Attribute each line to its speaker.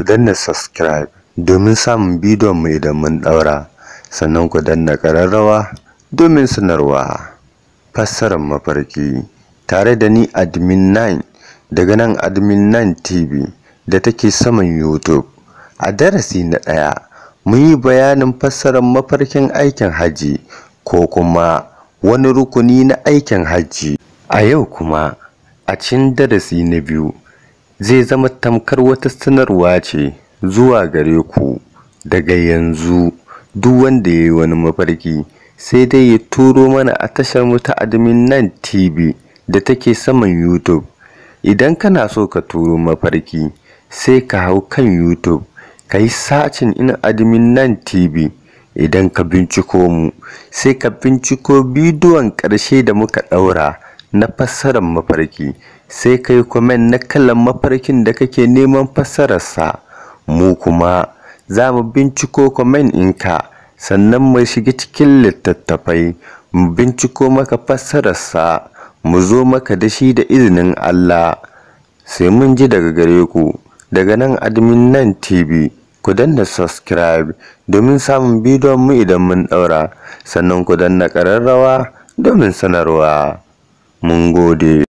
Speaker 1: ku danna subscribe domin samun bidiyon mu idan mun daura sannan ku danna kararrawa domin sanarwa fassarar mafarki tare da ni admin 9 daga nan admin 9 tv da take saman youtube a darasi na ɗaya mun yi bayanin fassarar mafarkin aikin haji ko kuma wani rukuni na aikin haji a yau kuma a cikin darasi na biyu zai zama tamkar wata sanarwa ce zuwa gare ku daga yanzu duk wanda ya yi wani mafarki sai dai ya turo mana a tashar mu ta admin nan tv da take saman youtube idan kana so ka turo mafarki sai ka hau kan youtube ka yi sacin in admin nan tv idan ka binciko mu sai ka binciko bidiyon ƙarshe da muka ɗaura na fassarar mafarki sai ka yi komen na kalan mafarkin da kake neman fassararsa mu kuma za mu binciko komen ɗinka sannan mu shiga cikin littattafai mu binciko maka fassararsa mu zo maka da shi da izinin Allah sai mun ji daga gare ku daga nan admin nan tv ku danna subscribe domin samun bidiyon mu idan mun ɗaura sannan ku danna ƙararrawa domin sanarwa mun gode